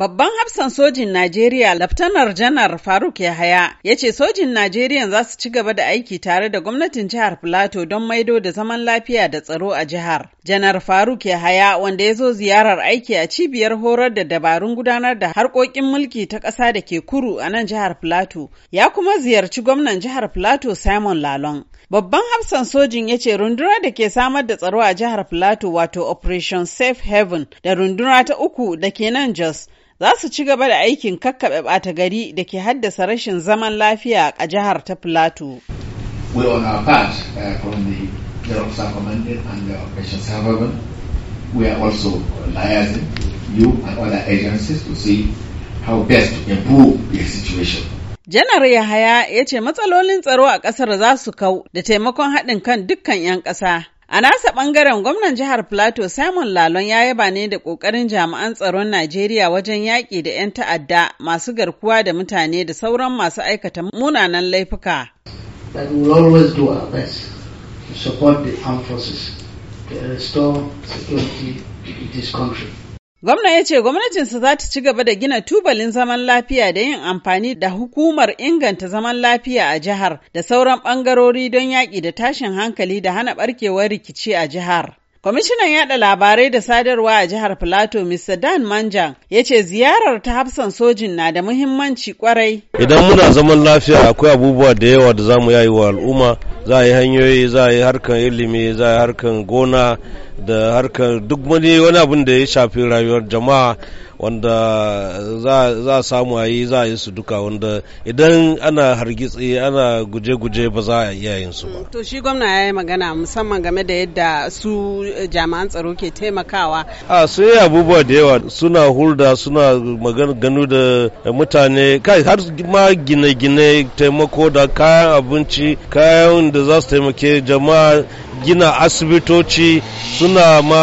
Babban hafsan sojin Najeriya Laftanar Janar Faruk Yahaya ya ce sojin Najeriya za su ci gaba da aiki tare da gwamnatin jihar Filato don maido da zaman lafiya da tsaro a jihar. Janar Faruk Yahaya wanda ya zo ziyarar aiki a cibiyar horar da dabarun gudanar da harkokin mulki ta ƙasa da ke kuru a nan jihar Filato ya kuma ziyarci gwamnan jihar Filato Simon Lalon. Babban hafsan sojin ya ce runduna da ke samar da tsaro a jihar Filato wato Operation Safe Haven da runduna ta uku da ke nan Jos za su ci gaba da aikin kakkaɓe ɓata gari da ke haddasa rashin zaman lafiya a jihar ta Plateau. We on our part uh, from the Jarabsa Commandant and the Operation Suburban, we are also liaising you and other agencies to see how best to improve the situation. Janar Yahaya ya ce matsalolin tsaro a ƙasar za su kau da taimakon haɗin kan dukkan 'yan ƙasa. A nasa bangaren gwamnan jihar Plateau Simon Lalon ya yaba ne da kokarin jami'an tsaron Najeriya wajen yaƙi da 'yan ta'adda masu garkuwa da mutane da sauran masu aikata munanan laifuka. support the armed forces to restore security in this country. Gwamna ya ce gwamnatinsa za ta ci gaba da gina tubalin zaman lafiya da yin amfani da hukumar inganta zaman lafiya a jihar da sauran bangarori don yaƙi da tashin hankali da hana barkewar rikici a jihar. Kwamishinan yada labarai da sadarwa a jihar Filato, Mr. Dan Manjan, ya ce ziyarar ta hafsan sojin na da muhimmanci kwarai. Idan muna zaman lafiya akwai abubuwa da yawa da za mu yayi wa al'umma za a yi hanyoyi za a yi harkar ilimi za a yi harkar gona da harkar duk wani abin da ya shafi rayuwar jama'a wanda za a samu a yi za a yi su duka wanda idan ana hargitsi ana guje-guje ba za a iya yin su ba. To shi gwamna ya yi magana musamman game da yadda su jami'an tsaro ke taimakawa. A su yi abubuwa da yawa suna hulda suna magana da mutane kai har ma gine-gine taimako da kayan abinci kayan da za su taimake jama'a gina asibitoci suna ma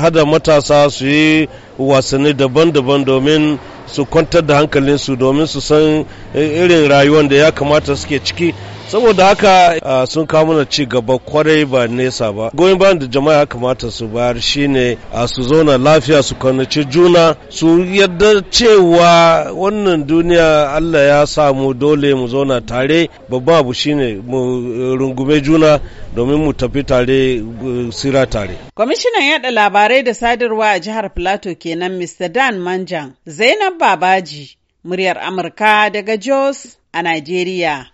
hada matasa su yi wasanni daban-daban domin su kwantar da hankalinsu domin su san irin rayuwar da ya kamata suke ciki saboda haka sun kawo mana ci gaba kwarai ba nesa ba goyon bayan da jama'a ya kamata su bayar shine su zauna lafiya su kwanaci juna su yadda cewa wannan duniya allah ya samu dole mu zauna tare babban abu shine mu rungume juna domin mu tafi tare sira tare kwamishinan yada labarai da sadarwa a jihar plateau kenan mr dan manjan zainab babaji muryar amurka daga jos a nigeria